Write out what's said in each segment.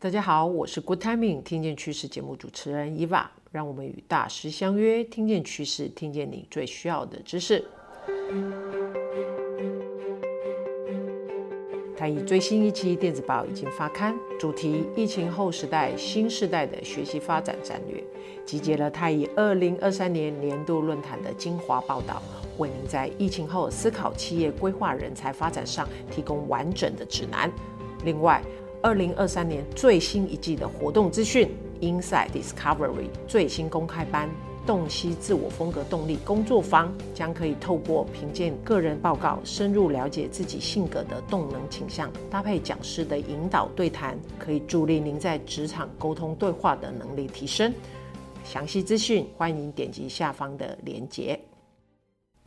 大家好，我是 Good Timing，聽見趨勢節目主持人 Eva。讓我們與大師相約，聽見趨勢，聽見你最需要的知識。太毅最新一期電子報已經發刊，主題：疫情後時代新時代的學習發展戰略，集結了太毅二零二三年年度論壇的精華報道，為您在疫情後思考企業規劃、人才發展上提供完整的指南。另外，二零二三年最新一季的活動資訊，Insights Discovery 最新公開班“洞悉自我風格動力工作坊”，將可以透過評鑑個人報告，深入了解自己性格的動能傾向。搭配講師的引導對談，可以助力您在職場溝通對話的能力提升。詳細資訊，歡迎點擊下方的鏈接。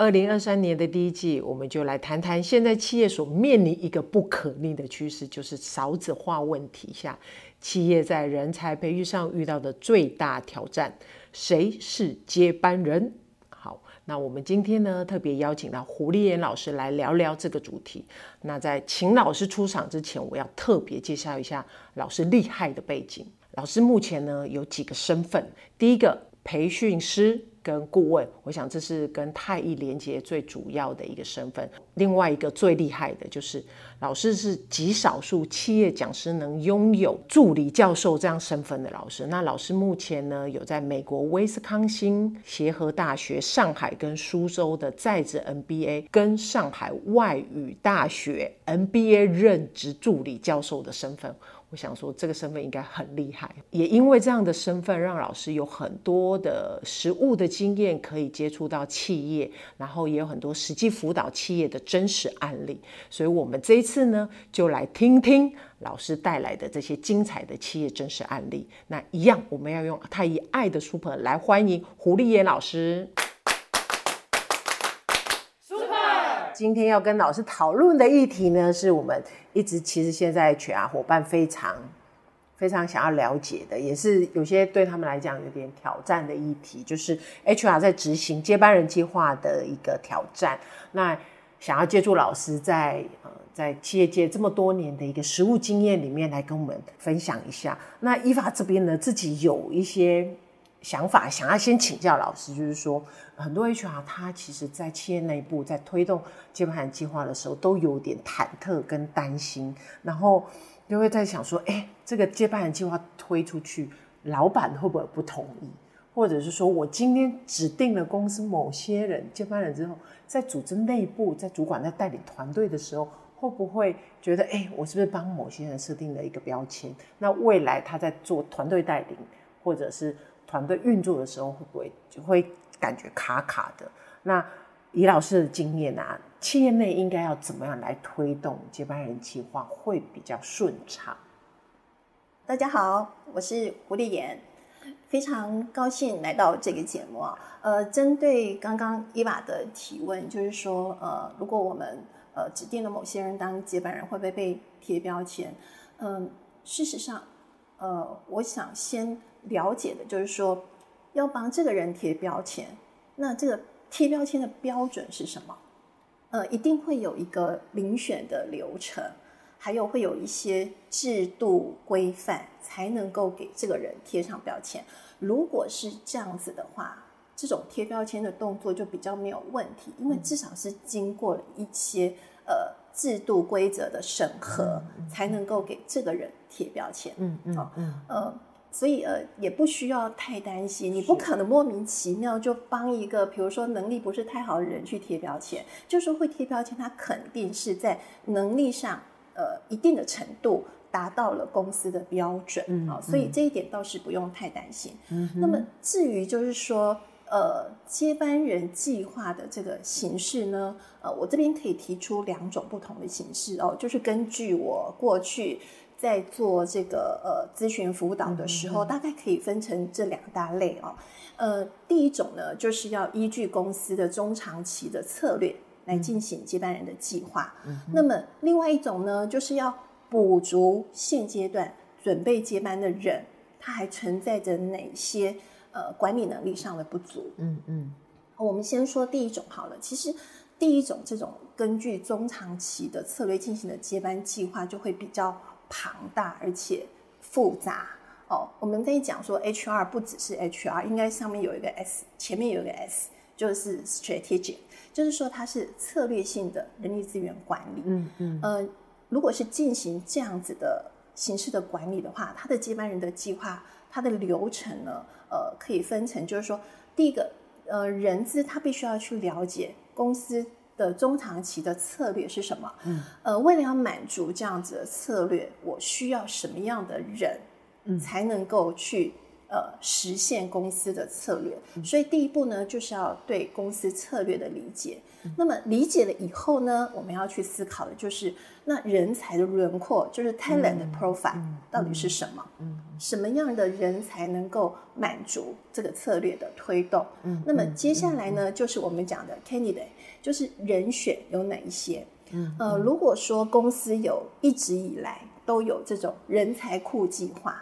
二零二三年的第一季，我們就來談談現在企業所面臨一個不可逆的趨勢，就是少子化問題下，企業在人才培育上遇到的最大挑戰，誰是接班人？好，那我們今天呢特別邀請到胡立妍老師來聊聊這個主題。那在請老師出場之前，我要特別介紹一下老師厲害的背景。老師目前呢有幾個身份，第一個培訓師。跟顧問，我想這是跟太毅連接最主要的一個身份。另外一個最厲害的就是老師是極少數企業講師能擁有助理教授這樣身份的老師。那老師目前呢，有在美國威斯康星協和大學、上海跟蘇州的在職 MBA 跟上海外語大學 MBA 任職助理教授的身份。我想說，這個身份應該很厲害。也因為這樣的身份，讓老師有很多的實務的經驗可以接觸到企業，然後也有很多實際輔導企業的真實案例。所以，我們這一次呢，就來聽聽老師帶來的這些精彩的企業真實案例。那一樣，我們要用太以愛的書本來歡迎胡立妍老師。今天要跟老師討論的議題呢，是我們一直其實現在 HR 夥伴非常非常想要了解的，也是有些對他們來講有點挑戰的議題，就是 HR 在執行接班人計劃的一個挑戰。那想要借助老師在呃在企業界這麼多年的一個實務經驗裡面來跟我們分享一下。那 Eva 這邊呢，自己有一些，想法想要先請教老師，就是說，很多 HR 他其實在企業內部在推動接班人計劃的時候，都有點忐忑跟擔心，然後就會在想說，哎、欸，這個接班人計劃推出去，老闆會不會不同意？或者是說我今天指定了公司某些人接班人之後，在組織內部在主管在帶領團隊的時候，會不會覺得，哎、欸，我是不是幫某些人設定了一個標籤？那未來他在做團隊帶領或者是。團隊運作的時候會不會會感覺卡卡的？那李老師的經驗呢、啊？企業內應該要怎麼樣來推動接班人計劃會比較順暢？大家好，我是胡立妍，非常高興來到這個節目啊。呃，針對剛剛伊娃的提問，就是說，呃，如果我們呃指定了某些人當接班人，會不會被貼標籤？嗯、呃，事實上。呃，我想先了解的就是說，要幫這個人貼標籤，那這個貼標籤的標準是什麼？呃，一定會有一個遴選的流程，還有會有一些制度規範，才能夠給這個人貼上標籤。如果是這樣子的話，這種貼標籤的動作就比較沒有問題，因為至少是經過了一些呃。制度規則的審核、嗯、才能夠給這個人貼標籤，嗯嗯嗯呃，所以呃也不需要太擔心，你不可能莫名其妙就幫一個比是如說能力不是太好的人去貼標籤，就是說會貼標籤，他肯定是在能力上呃一定的程度達到了公司的標準，啊、嗯嗯呃，所以這一點倒是不用太擔心。嗯、哼那麼至於就是說。呃，接班人計劃的這個形式呢，呃，我這邊可以提出兩種不同的形式哦，就是根據我過去在做這個呃諮詢輔導的時候，嗯、哼大概可以分成這兩大類哦。呃，第一種呢，就是要依據公司的中長期的策略來進行接班人的計劃。嗯、哼那麼，另外一種呢，就是要補足現階段準備接班的人，他還存在着哪些，呃，管理能力上的不足。嗯嗯，嗯我們先說第一種好了。其實，第一種這種根據中長期的策略進行的接班計劃，就會比較龐大而且複雜。哦，我們可以講說 HR 不只是 HR，應該上面有一個 S，前面有一個 S，就是 strategic，就是說它是策略性的人力資源管理。嗯嗯嗯、呃，如果是進行這樣子的形式的管理的話，他的接班人的計劃。它的流程呢，呃，可以分成，就是說，第一個，呃，人資他必須要去了解公司的中長期的策略是什麼，嗯，呃，為了要滿足這樣子的策略，我需要什麼樣的人，嗯，才能夠去。呃，實現公司的策略，所以第一步呢，就是要對公司策略的理解。那麼理解了以後呢，我們要去思考的就是那人才的輪廓，就是 talent profile 到底是什麼？什麼樣的人才能夠滿足這個策略的推動？那麼接下來呢，就是我們講的 candidate，就是人選有哪一些？嗯，呃，如果說公司有一直以來都有這種人才庫計劃。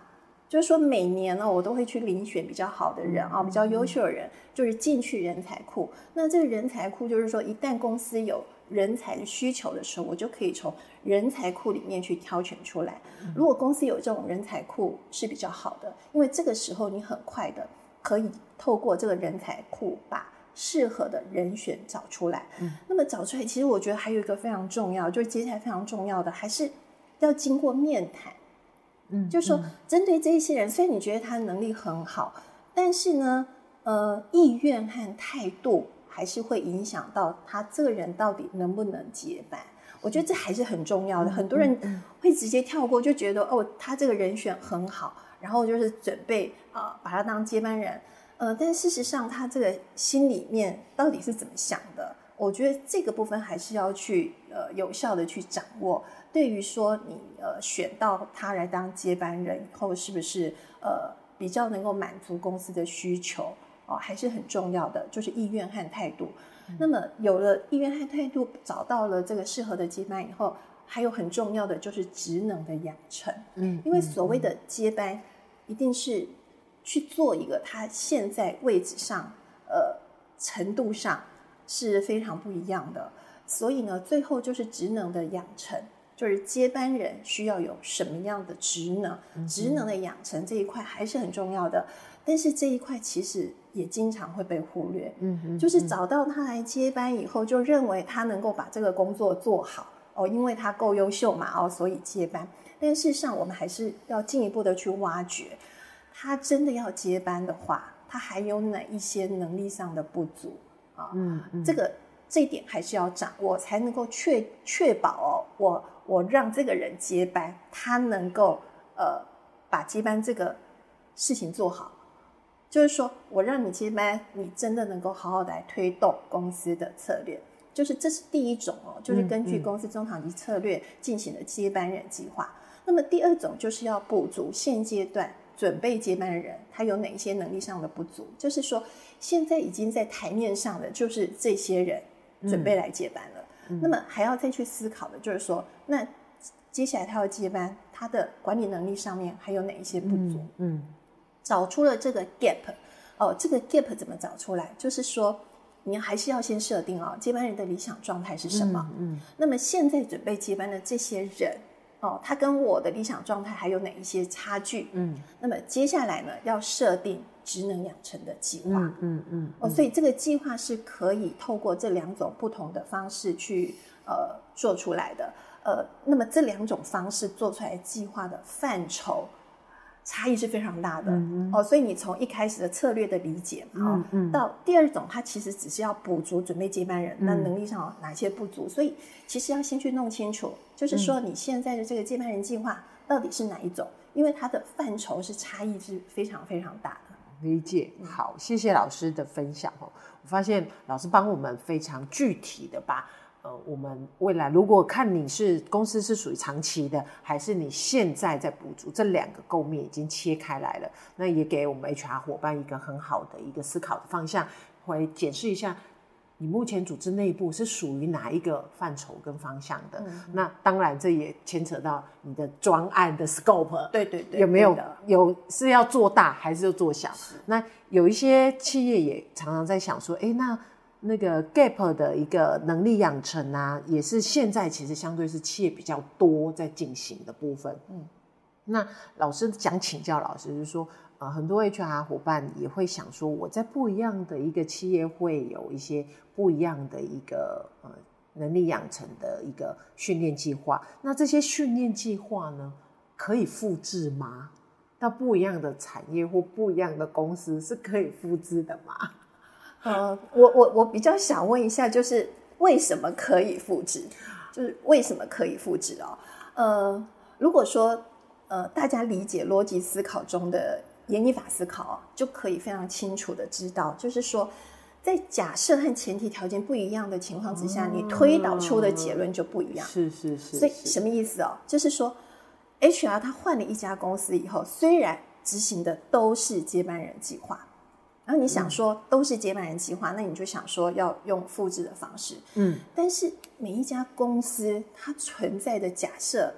就是說，每年呢，我都會去遴選比較好的人啊，嗯嗯，比較優秀的人，就是進去人才庫。那這個人才庫就是說，一旦公司有人才的需求的時候，我就可以從人才庫裡面去挑選出來。如果公司有這種人才庫是比較好的，因為這個時候你很快的可以透過這個人才庫把適合的人選找出來。嗯、那麼找出來，其實我覺得還有一個非常重要，就是接下來非常重要的，還是要經過面談。嗯，就說針對這一些人，嗯嗯、雖然你覺得他能力很好，但是呢，呃，意願和態度還是會影響到他這個人到底能不能接班。我覺得這還是很重要的。很多人會直接跳過，就覺得、嗯嗯嗯、哦，他這個人選很好，然後就是準備啊、呃、把他當接班人。呃，但事實上他這個心裡面到底是怎麼想的？我覺得這個部分還是要去呃有效的去掌握。對於說你呃選到他來當接班人以後，是不是呃比較能夠滿足公司的需求哦、呃，還是很重要的，就是意願和態度。嗯、那麼有了意願和態度，找到了這個適合的接班以後，還有很重要的就是職能的養成。嗯，嗯嗯，因為所謂的接班，一定是去做一個他現在位置上呃程度上，是非常不一樣的，所以呢，最後就是職能的養成，就是接班人需要有什麼樣的職能？職能的養成這一塊還是很重要的，但是這一塊其實也經常會被忽略。就是找到他來接班以後，就認為他能夠把這個工作做好哦，因為他夠優秀嘛哦，所以接班。但事實上，我們還是要進一步的去挖掘，他真的要接班的話，他還有哪一些能力上的不足？哦、嗯，嗯，這個這一點還是要掌握，我才能夠確確保哦，我我讓這個人接班，他能夠呃把接班這個事情做好，就是說，我讓你接班，你真的能夠好好的來推動公司的策略，就是這是第一種哦，就是根據公司中長期策略進行的接班人計劃。嗯，嗯、那麼第二種就是要補足現階段準備接班人他有哪些能力上的不足，就是說。現在已經在台面上的，就是這些人準備來接班了。嗯，那麼還要再去思考的就是說，那接下來他要接班，他的管理能力上面還有哪一些不足？嗯，嗯，找出了這個 gap，哦，這個 gap 怎麼找出來？就是說，你還是要先設定啊，哦，接班人的理想狀態是什麼？嗯，嗯，那麼現在準備接班的這些人，哦，他跟我的理想狀態還有哪一些差距？嗯，那麼接下來呢，要設定。職能養成的計劃，嗯嗯，嗯嗯哦，所以這個計劃是可以透過這兩種不同的方式去呃做出來的，呃，那麼這兩種方式做出來計劃的範疇差異是非常大的，嗯、哦，所以你從一開始的策略的理解，哦，嗯嗯、到第二種，它其實只是要補足準備接班人，嗯、那能力上有哪些不足，所以其實要先去弄清楚，就是說你現在的這個接班人計劃到底是哪一種，嗯、因為它的範疇是差異是非常非常大。理解，好，謝謝老師的分享哦。我發現老師幫我們非常具體的把呃，我們未來如果看你是公司是屬於長期的，還是你現在在補足，這兩個構面已經切開來了。那也給我們 HR 夥伴一個很好的一個思考的方向，會解釋一下。你目前組織內部是屬於哪一個範疇跟方向的？嗯、哼那當然，這也牽扯到你的專案的 scope，對對對，有沒有的有是要做大還是要做小？是那有一些企業也常常在想說，誒、欸、那那個 gap 的一個能力養成啊，也是現在其實相對是企業比較多在進行的部分。嗯，那老師想請教老師，就是說。啊、呃，很多 HR 伙伴也會想說，我在不一樣的一個企業會有一些不一樣的一個呃能力養成的一個訓練計劃。那這些訓練計劃呢，可以複制嗎？那不一樣的產業或不一樣的公司是可以複制的嗎？呃，我我我比較想問一下，就是為什麼可以複制？就是為什麼可以複制哦？呃，如果說呃大家理解邏輯思考中的。演繹法思考哦，就可以非常清楚的知道，就是說，在假設和前提條件不一樣的情況之下，嗯，你推導出的結論就不一樣。是是是是。所以什麼意思哦？就是說，HR 他換了一家公司以後，雖然執行的都是接班人計劃，然後你想說都是接班人計劃，嗯，那你就想說要用複製的方式。嗯。但是每一家公司它存在的假設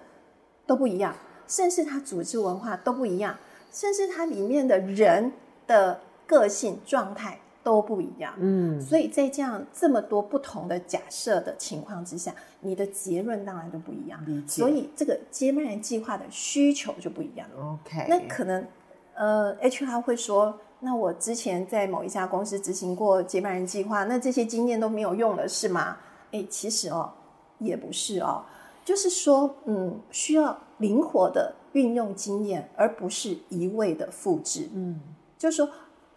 都不一樣，甚至它組織文化都不一樣。甚至它裡面的人的個性狀態都不一樣，嗯，所以在這樣這麼多不同的假設的情況之下，你的結論當然都不一樣。理解。所以這個接班人計劃的需求就不一樣。OK，那可能呃 HR 會說：“那我之前在某一家公司執行過接班人計劃，那這些經驗都沒有用了是嗎？”哎、欸，其實哦也不是哦，就是說嗯，需要靈活的。運用經驗，而不是一味的複製。嗯，就是說，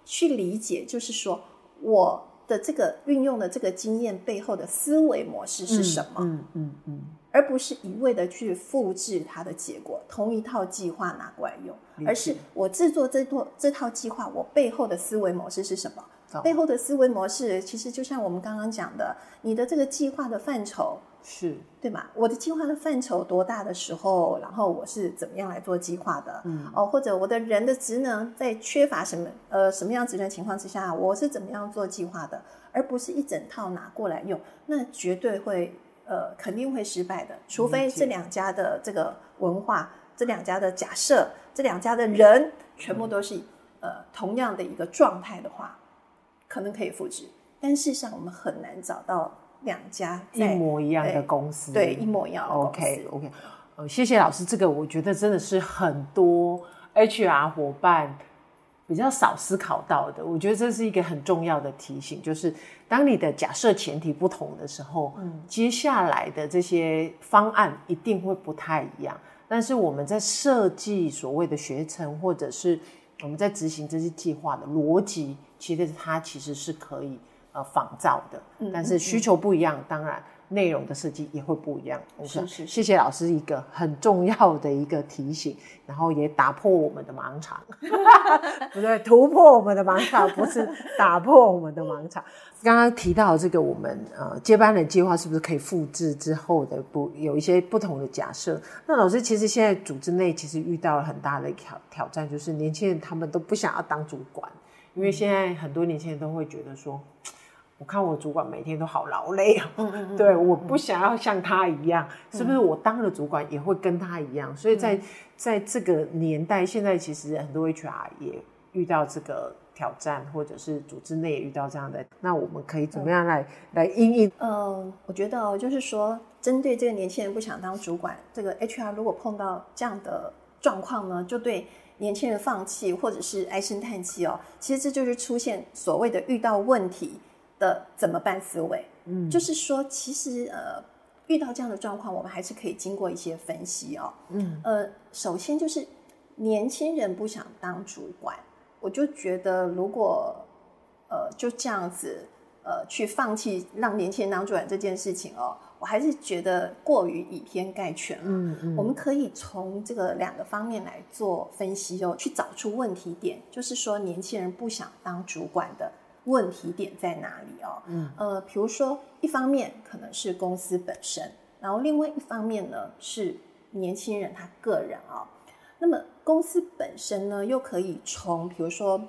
去理解，就是說，我的這個運用的這個經驗背後的思維模式是什麼？嗯嗯嗯，嗯嗯嗯，而不是一味的去複製它的結果，同一套計劃拿過來用，理解。而是我制作這套這套計劃，我背後的思維模式是什麼？哦、背後的思維模式其實就像我們剛剛講的，你的這個計劃的範疇。是對嘛？我的計劃的範疇多大的時候，然後我是怎麼樣來做計劃的？嗯，哦，或者我的人的職能在缺乏什麼呃什麼樣職能的情況之下，我是怎麼樣做計劃的？而不是一整套拿過來用，那絕對會呃肯定會失敗的。除非這兩家的這個文化、這兩家的假設、這兩家的人全部都是、嗯、呃同樣的一個狀態的話，可能可以複製。但事實上，我們很難找到。兩家一模一樣的公司，對，對一模一樣 OK OK，呃，謝謝老師，這個我覺得真的是很多 HR 夥伴比較少思考到的。我覺得這是一個很重要的提醒，就是當你的假設前提不同的時候，嗯、接下來的這些方案一定會不太一樣。但是我們在設計所謂的學程，或者是我們在執行這些計劃的邏輯，其實它其實是可以。呃，仿造的，但是需求不一樣，嗯嗯、當然內容的設計也會不一樣。是，是是謝謝老師，一個很重要的一個提醒，然後也打破我們的盲場， 不對，突破我們的盲場，不是打破我們的盲場。剛剛 提到這個，我們呃接班人計劃是不是可以複製之後的不有一些不同的假設？那老師其實現在組織內其實遇到了很大的挑挑戰，就是年輕人他們都不想要當主管，因為現在很多年輕人都會覺得說。嗯我看我主管每天都好勞累啊，對，我不想要像他一樣，嗯、是不是我當了主管也會跟他一樣？嗯、所以在在這個年代，現在其實很多 HR 也遇到這個挑戰，或者是組織內也遇到這樣的，那我們可以怎麼樣來、嗯、來因應？嗯、呃，我覺得、哦、就是說，針對這個年輕人不想當主管，這個 HR 如果碰到這樣的狀況呢，就對年輕人放棄或者是唉聲嘆氣哦，其實這就是出現所謂的遇到問題。怎麼辦？思維，嗯，就是說，其實呃，遇到這樣的狀況，我們還是可以經過一些分析哦。嗯，呃，首先就是年輕人不想當主管，我就覺得如果呃就這樣子呃去放棄讓年輕人當主管這件事情哦，我還是覺得過於以偏概全了、啊嗯。嗯嗯，我們可以從這個兩個方面來做分析哦，去找出問題點，就是說年輕人不想當主管的。問題點在哪裡哦？嗯呃，比如說一方面可能是公司本身，然後另外一方面呢是年輕人他個人哦。那麼公司本身呢，又可以從比如說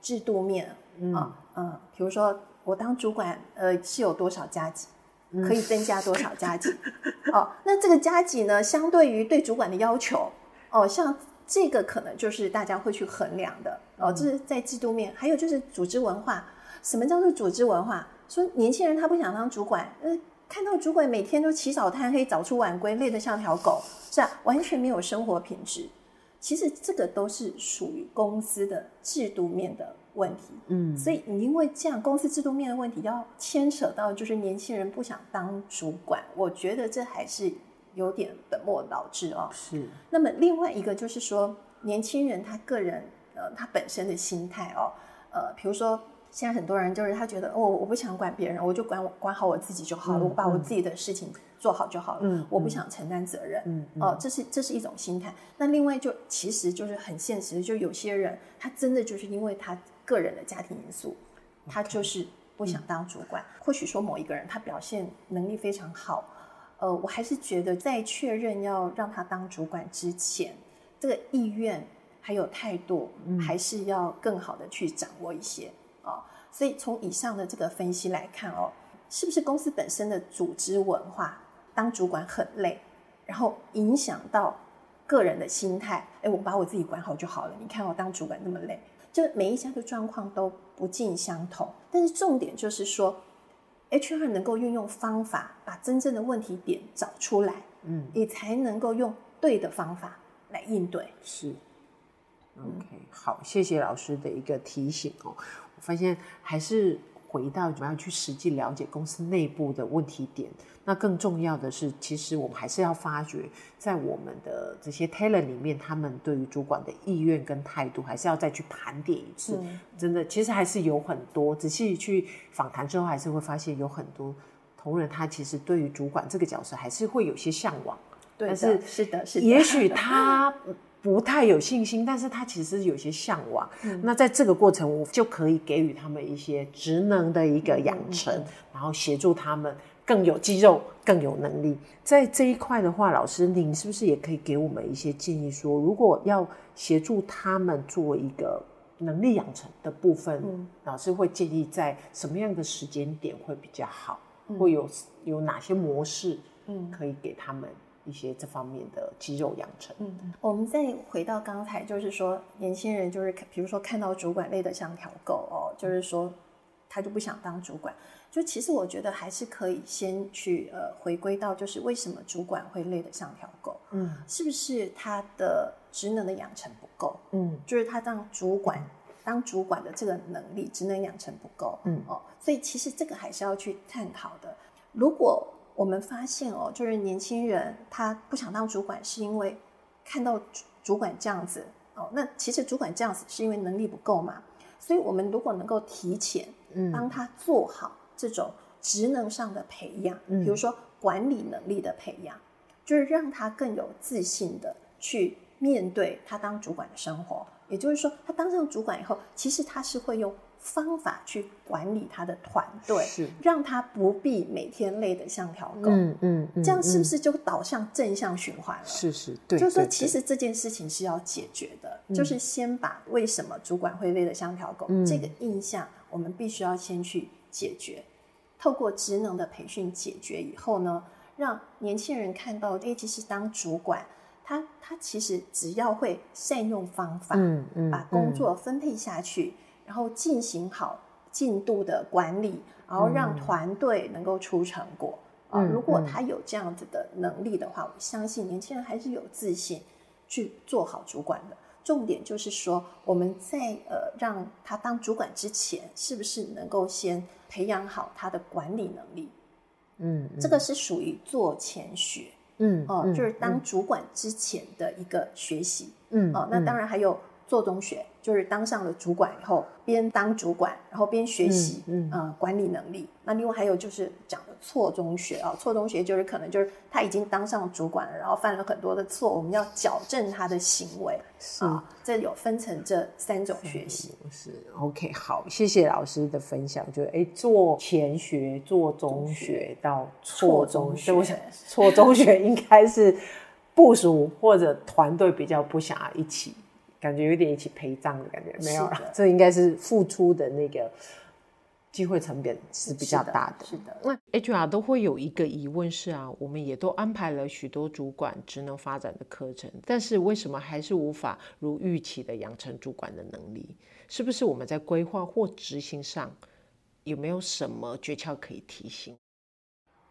制度面啊，嗯、呃呃，比如說我當主管呃是有多少加給，可以增加多少加給。 哦，那這個加給呢，相對於對主管的要求哦，像這個可能就是大家會去衡量的哦。這、就是在制度面，還有就是組織文化。什麼叫做組織文化？說年輕人他不想當主管，嗯，看到主管每天都起早貪黑、早出晚歸，累得像條狗，是啊，完全沒有生活品質。其實這個都是屬於公司的制度面的問題，嗯。所以你因為這樣，公司制度面的問題要牽扯到，就是年輕人不想當主管，我覺得這還是有點本末倒置哦。是。那麼另外一個就是說，年輕人他個人，呃，他本身的心態哦，呃，比如說。現在很多人就是他覺得，我，哦，我不想管別人，我就管我管好我自己就好了，嗯，我把我自己的事情做好就好了，嗯，我不想承擔責任。哦，嗯嗯呃，這是這是一種心態。那另外就其實就是很現實，就有些人他真的就是因為他個人的家庭因素，他就是不想當主管。嗯，或許說某一個人他表現能力非常好，呃，我還是覺得在確認要讓他當主管之前，這個意願還有態度，還是要更好的去掌握一些。哦，所以從以上的這個分析來看哦，是不是公司本身的組織文化當主管很累，然後影響到個人的心態？哎，我把我自己管好就好了。你看我當主管那麼累，就每一家的狀況都不盡相同。但是重點就是說，HR 能夠運用方法把真正的問題點找出來，嗯，也才能夠用對的方法來應對。是，嗯，OK，好，謝謝老師的一個提醒哦。發現還是回到怎麼樣去實際了解公司內部的問題點。那更重要的是，其實我們還是要發覺在我們的這些 talent 裡面，他們對於主管的意願跟態度，還是要再去盤點一次。嗯、真的，其實還是有很多仔細去訪談之後，還是會發現有很多同仁他其實對於主管這個角色還是會有些嚮往。對的，但是，是的，是的，也許他。嗯不太有信心，但是他其實有些嚮往。嗯、那在這個過程，我就可以給予他們一些職能的一個養成，嗯嗯、然後協助他們更有肌肉，更有能力。在這一塊的話，老師，您是不是也可以給我們一些建議說，說如果要協助他們做一個能力養成的部分，嗯、老師會建議在什麼樣的時間點會比較好？嗯、會有有哪些模式，可以給他們？一些這方面的肌肉養成。嗯，我們再回到剛才，就是說年輕人就是比如說看到主管累得像條狗哦，就是說、嗯、他就不想當主管。就其實我覺得還是可以先去呃回歸到就是為什麼主管會累得像條狗？嗯，是不是他的職能的養成不夠？嗯，就是他當主管、嗯、當主管的這個能力職能養成不夠。嗯，哦，所以其實這個還是要去探討的。如果我們發現哦，就是年輕人他不想當主管，是因為看到主主管這樣子哦。那其實主管這樣子是因為能力不夠嘛。所以我們如果能夠提前，幫他做好這種職能上的培養，嗯，比如說管理能力的培養，嗯，就是讓他更有自信的去面對他當主管的生活。也就是說，他當上主管以後，其實他是會用。方法去管理他的團隊，是讓他不必每天累得像條狗。嗯嗯，嗯嗯，這樣是不是就導向正向循環了？是是，對，對，對。就是說，其實這件事情是要解決的，嗯、就是先把為什麼主管會累得像條狗、嗯、這個印象，我們必須要先去解決。嗯、透過職能的培訓解決以後呢，讓年輕人看到，哎、欸，其實當主管，他他其實只要會善用方法，嗯嗯，嗯把工作分配下去。嗯嗯然後進行好進度的管理，然後讓團隊能夠出成果，嗯、啊！如果他有這樣子的能力的話，我相信年輕人還是有自信去做好主管的。重點就是說，我們在呃讓他當主管之前，是不是能夠先培養好他的管理能力？嗯，嗯，這個是屬於做前學，嗯，哦、啊，嗯、就是當主管之前的一個學習，嗯，哦、嗯啊，那當然還有。做中學就是當上了主管以後，邊當主管，然後邊學習，嗯，嗯、呃，管理能力。那另外還有就是講的錯中學啊，錯中學就是可能就是他已經當上主管了，然後犯了很多的錯，我們要矯正他的行為。是，呃、這有分成這三種學習。是，是，OK，好，謝謝老師的分享。就哎，做前學、做中學到錯中學，我想錯中學應該是部屬或者團隊比較不想要一起。感覺有點一起陪葬的感覺，沒有、啊、是的，這應該是付出的那個機會成本是比較大的。是的。是的。那 HR 都會有一個疑問是啊，我們也都安排了許多主管職能發展的課程，但是為什麼還是無法如預期的養成主管的能力？是不是我們在規劃或執行上有沒有什麼訣竅可以提醒？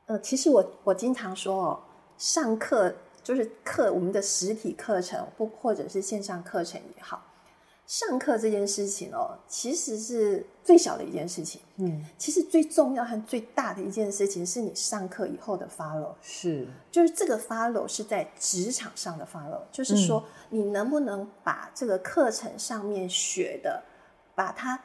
呃，其實我我經常說哦，上課。就是課，我們的實體課程或或者是線上課程也好，上課這件事情哦，其實是最小的一件事情。嗯，其實最重要和最大的一件事情是你上課以後的 follow。是，就是這個 follow 是在職場上的 follow，就是說你能不能把這個課程上面學的，嗯、把它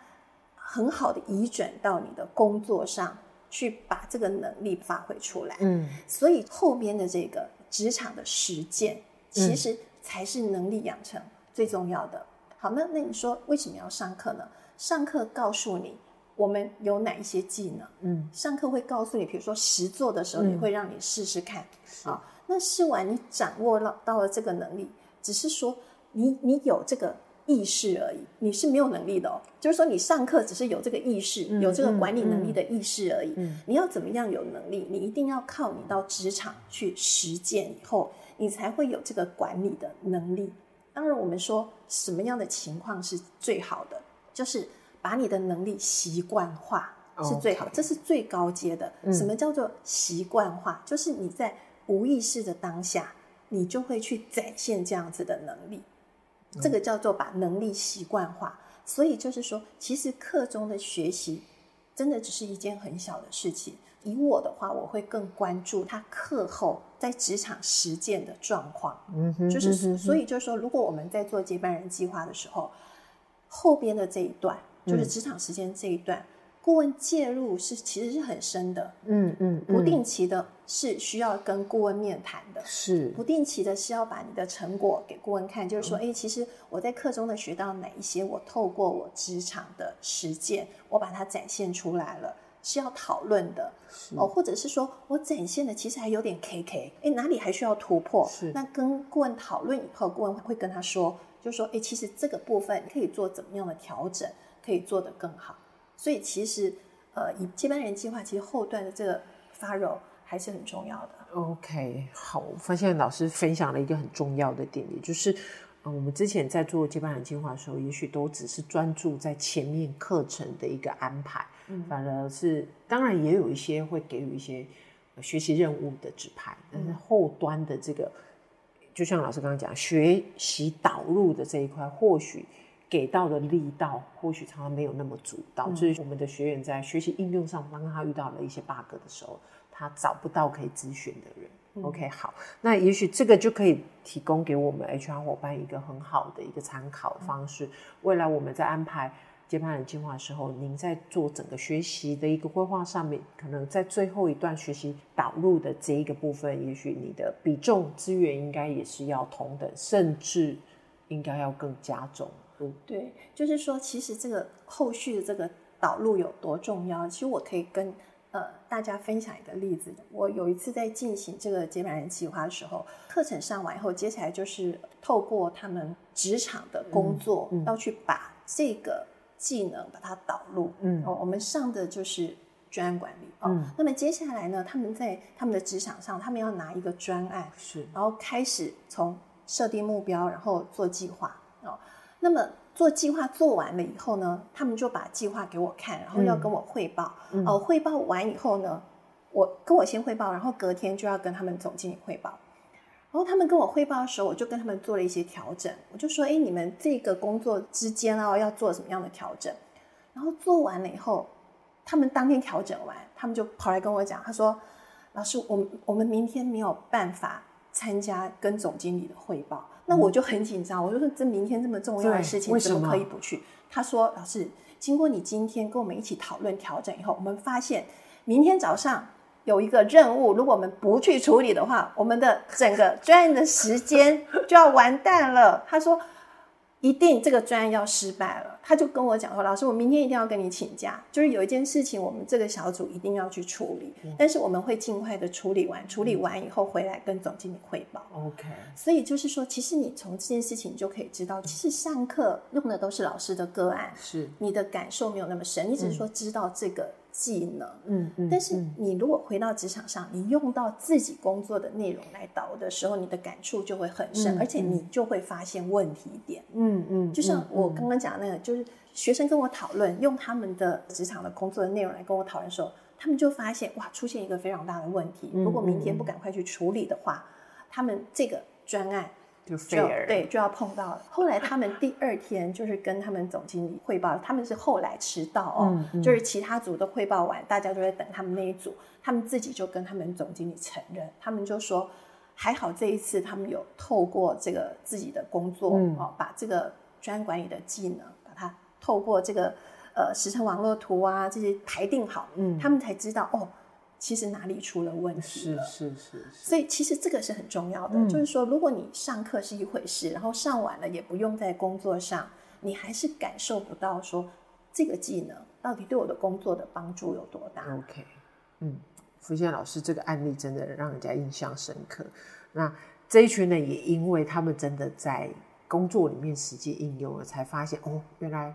很好的移轉到你的工作上去，把這個能力發揮出來。嗯，所以後邊的這個。職場的實踐其實才是能力養成最重要的。嗯、好，那那你說為什麼要上課呢？上課告訴你我們有哪一些技能，嗯，上課會告訴你，比如說實做的時候，你會讓你試試看，嗯、好，那試完你掌握了到了這個能力，只是說你你有這個。意識而已，你是沒有能力的哦。就是說，你上課只是有這個意識，嗯、有這個管理能力的意識而已。嗯嗯嗯、你要怎麼樣有能力？你一定要靠你到職場去實踐以後，你才會有這個管理的能力。當然，我們說什麼樣的情況是最好的，就是把你的能力習慣化是最好，Okay. 這是最高階的。嗯、什麼叫做習慣化？就是你在無意識的當下，你就會去展現這樣子的能力。這個叫做把能力習慣化，所以就是說，其實課中的學習，真的只是一件很小的事情。以我的話，我會更關注他課後在職場實踐的狀況。嗯哼，就是所以就是說，如果我們在做接班人計劃的時候，後邊的這一段就是職場時間這一段，嗯顧問介入是其實是很深的，嗯嗯，嗯嗯不定期的是需要跟顧問面談的，是不定期的，是要把你的成果給顧問看，就是說，哎、嗯欸，其實我在課中的學到哪一些，我透過我職場的實踐，我把它展現出來了，是要討論的，是哦，或者是說我展現的其實還有點 K K，哎，哪裡還需要突破？是那跟顧問討論以後，顧問會跟他說，就是說，哎、欸，其實這個部分可以做怎麼樣的調整，可以做得更好。所以其實，呃，以接班人計劃其實後段的這個發酵還是很重要的。OK，好，我發現老師分享了一個很重要的點，也就是、呃、我們之前在做接班人計劃的時候，也許都只是專注在前面課程的一個安排，嗯、反而是當然也有一些會給予一些學習任務的指派，但是後端的這個，就像老師剛剛講，學習導入的這一塊，或許。給到的力道或許他沒有那麼足，導致、嗯、我們的學員在學習應用上，當他遇到了一些 bug 的時候，他找不到可以諮詢的人。嗯、OK，好，那也許這個就可以提供給我們 HR 夥伴一個很好的一個參考方式。嗯、未來我們在安排接班人計劃的時候，您在做整個學習的一個規劃上面，可能在最後一段學習導入的這一個部分，也許你的比重資源應該也是要同等，甚至應該要更加重。嗯、對，就是說，其實這個後續的這個導入有多重要？其實我可以跟呃大家分享一個例子。我有一次在進行這個接班人計劃的時候，課程上完以後，接下來就是透過他們職場的工作，要去把這個技能把它導入、嗯。嗯，哦，我們上的就是專案管理。嗯、哦，那麼接下來呢，他們在他們的職場上，他們要拿一個專案，是，然後開始從設定目標，然後做計劃哦。那麼做計劃做完了以後呢，他們就把計劃給我看，然後要跟我匯報。嗯嗯、哦，匯報完以後呢，我跟我先匯報，然後隔天就要跟他們總經理匯報。然後他們跟我匯報的時候，我就跟他們做了一些調整。我就說：“哎，你們這個工作之間哦，要做什麼樣的調整？”然後做完了以後，他們當天調整完，他們就跑來跟我講：“他說，老師，我們我們明天沒有辦法。”參加跟總經理的匯報，那我就很緊張。嗯，我就說這明天這麼重要的事情，怎麼可以不去？他說：“老師，經過你今天跟我們一起討論調整以後，我們發現明天早上有一個任務，如果我們不去處理的話，我們的整個專案的時間就要完蛋了。”他說：“一定這個專案要失敗了。”他就跟我講說：“老師，我明天一定要跟你請假，就是有一件事情，我們這個小組一定要去處理。但是我們會盡快的處理完，處理完以後回來跟總經理匯報。OK。所以就是說，其實你從這件事情你就可以知道，其實上課用的都是老師的個案，是你的感受沒有那麼深，你只是說知道這個技能。嗯嗯。但是你如果回到職場上，你用到自己工作的內容來導的時候，你的感觸就會很深，嗯、而且你就會發現問題一點。嗯嗯。嗯，就像我剛剛講的那個，嗯、就是是學生跟我討論，用他們的職場的工作的內容來跟我討論的時候，他們就發現哇，出現一個非常大的問題。如果明天不趕快去處理的話，他們這個專案就對就要碰到了。後來他們第二天就是跟他們總經理匯報，他們是後來遲到哦，就是其他組都匯報完，大家都在等他們那一組，他們自己就跟他們總經理承認，他們就說還好這一次他們有透過這個自己的工作哦，把這個專案管理的技能。透過這個呃時程網絡圖啊，這些排定好，嗯，他們才知道哦，其實哪裡出了問題了是。是是是。是所以其實這個是很重要的，嗯，就是說，如果你上課是一回事，然後上完了也不用在工作上，你還是感受不到說這個技能到底對我的工作的幫助有多大。OK，嗯，福建老師這個案例真的讓人家印象深刻。那這一群人也因為他們真的在工作裡面實際應用了，才發現哦，原來。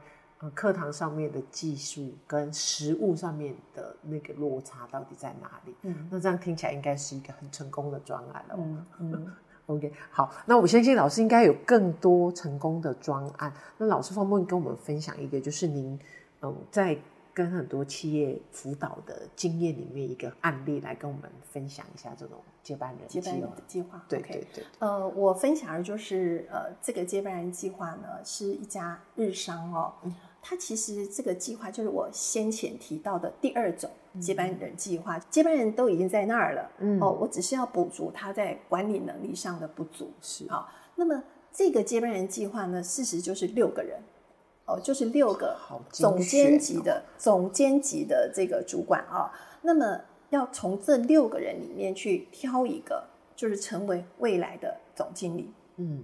課堂上面的技術跟實務上面的那個落差到底在哪裡？嗯，那這樣聽起來應該是一個很成功的專案了，哦嗯。嗯 OK，好，那我相信老師應該有更多成功的專案。那老師方便跟我們分享一個，就是您，嗯，在跟很多企業輔導的經驗裡面，一個案例來跟我們分享一下這種接班人，接班人的計劃。對，對對對。呃，我分享的就是，呃，這個接班人計劃呢，是一家日商哦。他其實這個計劃就是我先前提到的第二種接班人計劃，嗯、接班人都已經在那兒了，嗯、哦，我只是要補足他在管理能力上的不足。是，好、哦，那麼這個接班人計劃呢，事實就是六個人，哦，就是六個總監級的、哦、總監級的這個主管、哦、那麼要從這六個人裡面去挑一個，就是成為未來的總經理。嗯。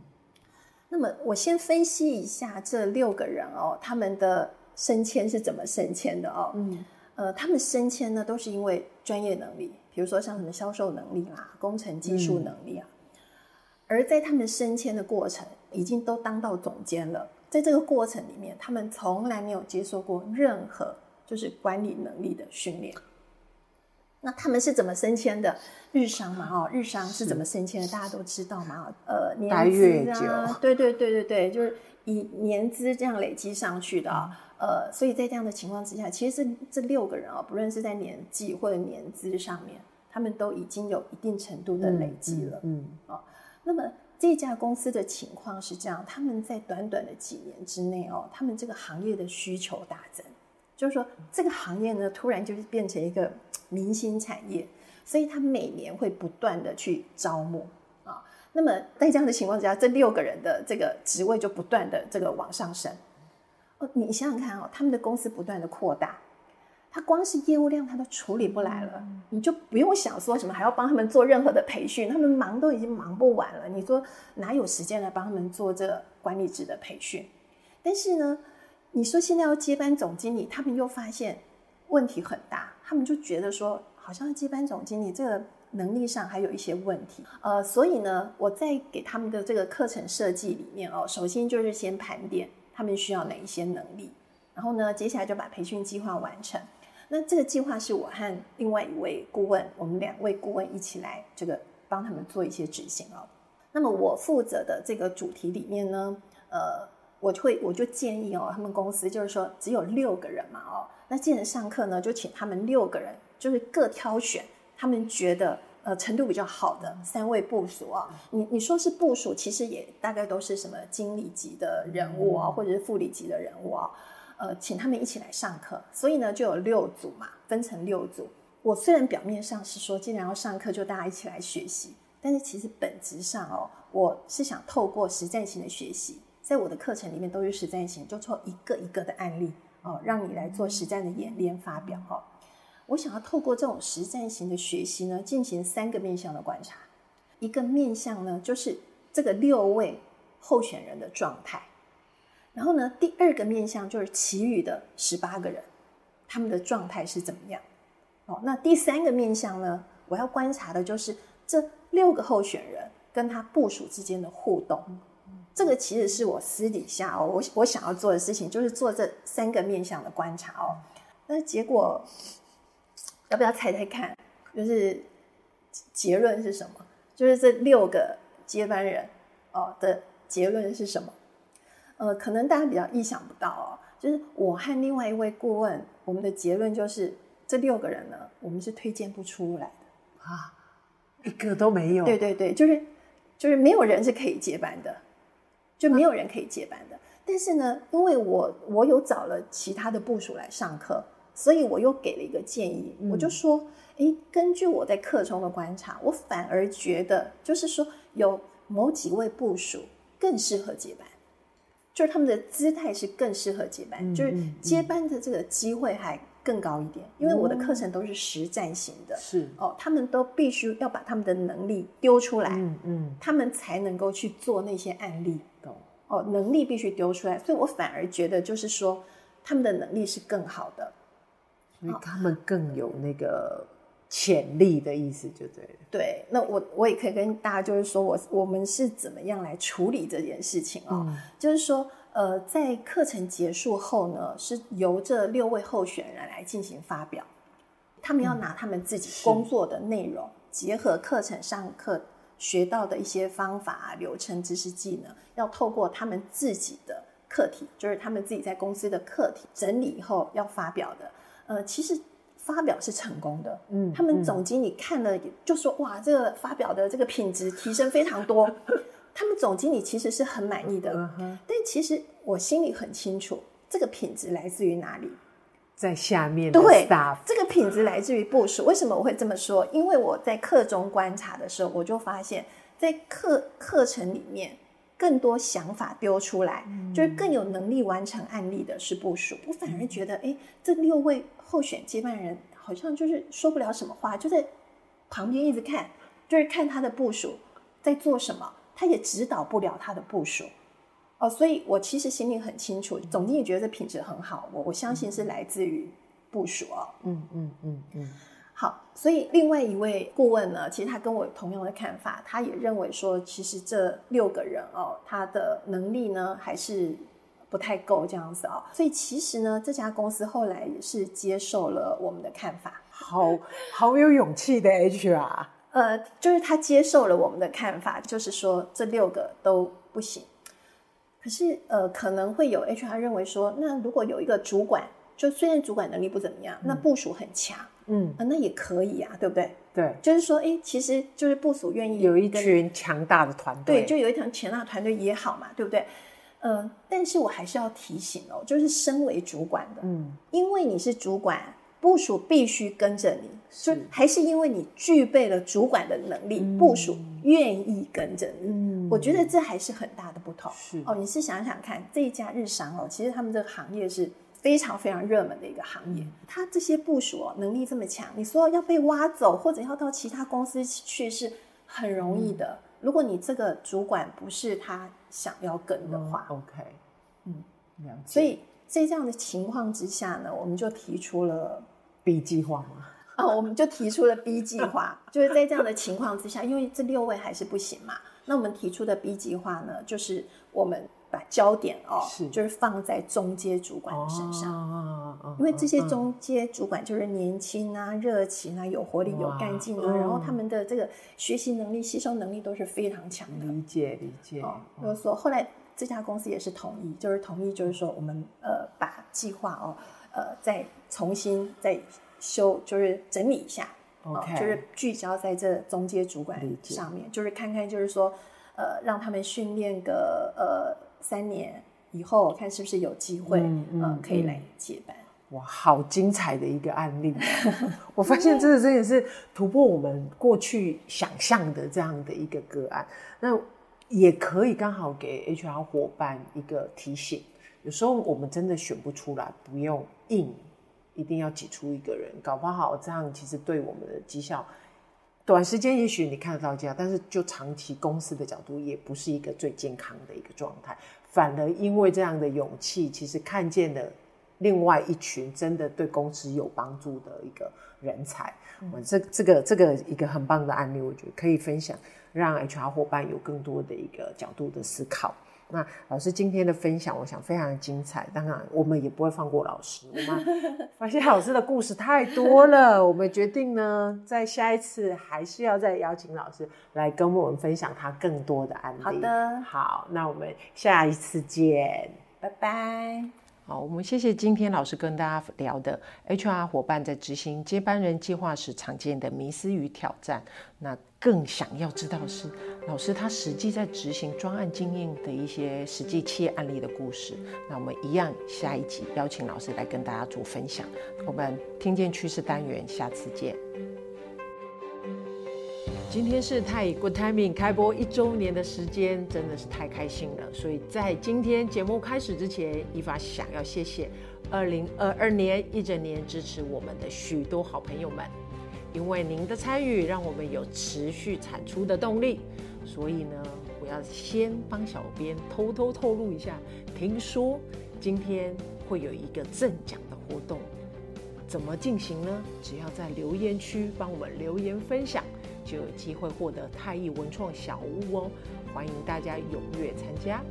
那麼，我先分析一下這六個人哦，他們的升遷是怎麼升遷的哦。嗯，呃，他們升遷呢，都是因為專業能力，比如說像什麼銷售能力啦、啊、工程技術能力啊。嗯、而在他們升遷的過程，已經都當到總監了，在這個過程裡面，他們從來沒有接受過任何就是管理能力的訓練。那他們是怎麼升遷的？日商嘛、喔，哦，日商是怎麼升遷的？是大家都知道嘛，是呃，年資啊，對對對對對，就是以年資這樣累積上去的、喔，嗯、呃，所以在這樣的情況之下，其實這這六個人啊、喔，不論是在年紀或者年資上面，他們都已經有一定程度的累積了嗯，嗯，哦、嗯喔，那麼這家公司的情況是這樣，他們在短短的幾年之內哦、喔，他們這個行業的需求大增，就是說這個行業呢，突然就變成一個。明星產業，所以他每年會不斷的去招募啊、哦。那麼在這樣的情況之下，這六個人的這個職位就不斷的這個往上升。哦，你想想看哦，他們的公司不斷的擴大，他光是業務量他都處理不來了，你就不用想說什麼還要幫他們做任何的培訓，他們忙都已經忙不完了。你說哪有時間來幫他們做這個管理職的培訓？但是呢，你說現在要接班總經理，他們又發現問題很大。他們就覺得說，好像是接班總經理這個能力上還有一些問題，呃，所以呢，我在給他們的這個課程設計裡面哦，首先就是先盤點他們需要哪一些能力，然後呢，接下來就把培訓計劃完成。那這個計劃是我和另外一位顧問，我們兩位顧問一起來這個幫他們做一些執行哦。那麼我負責的這個主題裡面呢，呃，我會我就建議哦，他們公司就是說只有六個人嘛哦。那既然上課呢，就請他們六個人，就是各挑選他們覺得呃程度比較好的三位部屬啊、哦。你你說是部屬，其實也大概都是什麼經理級的人物啊、哦，嗯、或者是副理級的人物啊、哦。呃，請他們一起來上課，所以呢就有六組嘛，分成六組。我雖然表面上是說既然要上課，就大家一起來學習，但是其實本質上哦，我是想透過實戰型的學習，在我的課程裡面都是實戰型，就做一個一個的案例。哦，讓你來做實戰的演練發表哦，我想要透過這種實戰型的學習呢，進行三個面向的觀察。一個面向呢，就是這個六位候選人的狀態。然後呢，第二個面向就是其餘的十八個人，他們的狀態是怎麼樣。哦，那第三個面向呢，我要觀察的就是這六個候選人跟他部屬之間的互動。這個其實是我私底下哦，我我想要做的事情就是做這三個面向的觀察哦。那結果要不要猜猜看？就是結論是什麼？就是這六個接班人哦的結論是什麼？呃，可能大家比較意想不到哦，就是我和另外一位顧問，我們的結論就是這六個人呢，我們是推薦不出來的啊，一個都沒有。對對對，就是就是沒有人是可以接班的。就沒有人可以接班的。但是呢，因為我我有找了其他的部屬來上課，所以我又給了一個建議。我就說，誒，根據我在課中的觀察，我反而覺得，就是說有某幾位部屬更適合接班，就是他們的姿態是更適合接班，嗯嗯嗯，就是接班的這個機會還更高一點，因為我的課程都是實戰型的，嗯、是哦，他們都必須要把他們的能力丟出來，嗯嗯，嗯他們才能夠去做那些案例，嗯、哦，能力必須丟出來，所以我反而覺得就是說他們的能力是更好的，所以他們更有那個潛力的意思，就對、哦、對，那我我也可以跟大家就是說我我們是怎麼樣來處理這件事情哦，嗯、就是說。呃，在課程結束後呢，是由這六位候選人來，來進行發表，他們要拿他們自己工作的內容，嗯、結合課程上課學到的一些方法、流程、知識、技能，要透過他們自己的課題，就是他們自己在公司的課題整理以後要發表的。呃，其實發表是成功的，嗯，他們總經理看了就說：“嗯嗯、哇，這個發表的這個品質提升非常多。” 他們總經理其實是很滿意的，uh huh. 但其實我心裡很清楚，這個品質來自於哪裡？在下面的。對，這個品質來自於部署。為什麼我會這麼說？因為我在課中觀察的時候，我就發現在，在課課程裡面，更多想法丟出來，就是更有能力完成案例的是部署。嗯、我反而覺得，哎、欸，這六位候選接班人好像就是說不了什麼話，就在旁邊一直看，就是看他的部署在做什麼。他也指導不了他的部屬，哦，所以我其實心裡很清楚，總經理覺得這品質很好，我我相信是來自於部屬，哦，嗯嗯嗯嗯，嗯嗯嗯好，所以另外一位顧問呢，其實他跟我同樣的看法，他也認為說，其實這六個人哦，他的能力呢還是不太夠這樣子哦，所以其實呢，這家公司後來也是接受了我們的看法，好好有勇氣的 HR。呃，就是他接受了我們的看法，就是說這六個都不行。可是呃，可能會有 HR 認為說，那如果有一個主管，就雖然主管能力不怎麼樣，那部屬很強，嗯、呃、那也可以呀、啊，對不對？對，就是說，哎，其實就是部屬願意有一群強大的團隊，對，就有一團強大的團隊也好嘛，對不對？呃，但是我還是要提醒哦，就是身為主管的，嗯，因為你是主管。部署必須跟着你，是。所以還是因為你具備了主管的能力，嗯、部署願意跟着你。嗯、我覺得這還是很大的不同。是哦，你是想想看，這一家日商哦，其實他們這個行業是非常非常熱門的一個行業。嗯、他這些部署哦，能力這麼強，你說要被挖走或者要到其他公司去是很容易的。嗯、如果你這個主管不是他想要跟的話，OK，嗯，okay。嗯。了解。所以在這樣的情況之下呢，我們就提出了。B 計劃嗎？哦，我們就提出了 B 計劃，就是在這樣的情況之下，因為這六位還是不行嘛。那我們提出的 B 計劃呢，就是我們把焦點哦，就是放在中階主管的身上。因為這些中階主管就是年輕啊、熱情啊、有活力、有幹勁啊，然後他們的這個學習能力、吸收能力都是非常強的。理解，理解。就是說，後來這家公司也是同意，就是同意，就是說我們呃把計劃哦，呃在。重新再修，就是整理一下，OK，就是聚焦在這中階主管上面，解就是看看，就是說，呃，讓他們訓練個呃三年以後，看是不是有機會，嗯、呃、對可以來接班。哇，好精彩的一個案例！ 我發現這個真的是突破我們過去想象的這樣的一個個案。那也可以剛好給 HR 伙伴一個提醒：有時候我們真的選不出來，不用硬。一定要擠出一個人，搞不好這樣其實對我們的績效，短時間也許你看得到這樣，但是就長期公司的角度也不是一個最健康的一個狀態，反而因為這樣的勇氣，其實看見了另外一群真的對公司有幫助的一個人才。我這、嗯、這個這個一個很棒的案例，我覺得可以分享，讓 HR 夥伴有更多的一個角度的思考。那老師今天的分享，我想非常的精彩。當然，我們也不會放過老師嘛。我們發現 老師的故事太多了，我們決定呢，在下一次還是要再邀請老師來跟我們分享他更多的案例。好的，好，那我們下一次見，拜拜。好，我們謝謝今天老師跟大家聊的 HR 夥伴在執行接班人計劃時常見的迷思與挑戰。那更想要知道的是老師他實際在執行專案經驗的一些實際企業案例的故事。那我們一樣，下一集邀請老師來跟大家做分享。我們聽見趨勢單元，下次見。今天是《太 Good Timing》開播一周年的時間，真的是太開心了。所以在今天節目開始之前，一發想要謝謝二零二二年一整年支持我們的許多好朋友們，因為您的參與，讓我們有持續產出的動力。所以呢，我要先幫小編偷偷透露一下，聽說今天會有一個贈獎的活動，怎麼進行呢？只要在留言區幫我們留言分享。就有機會獲得泰藝文創小屋哦，歡迎大家踴躍參加。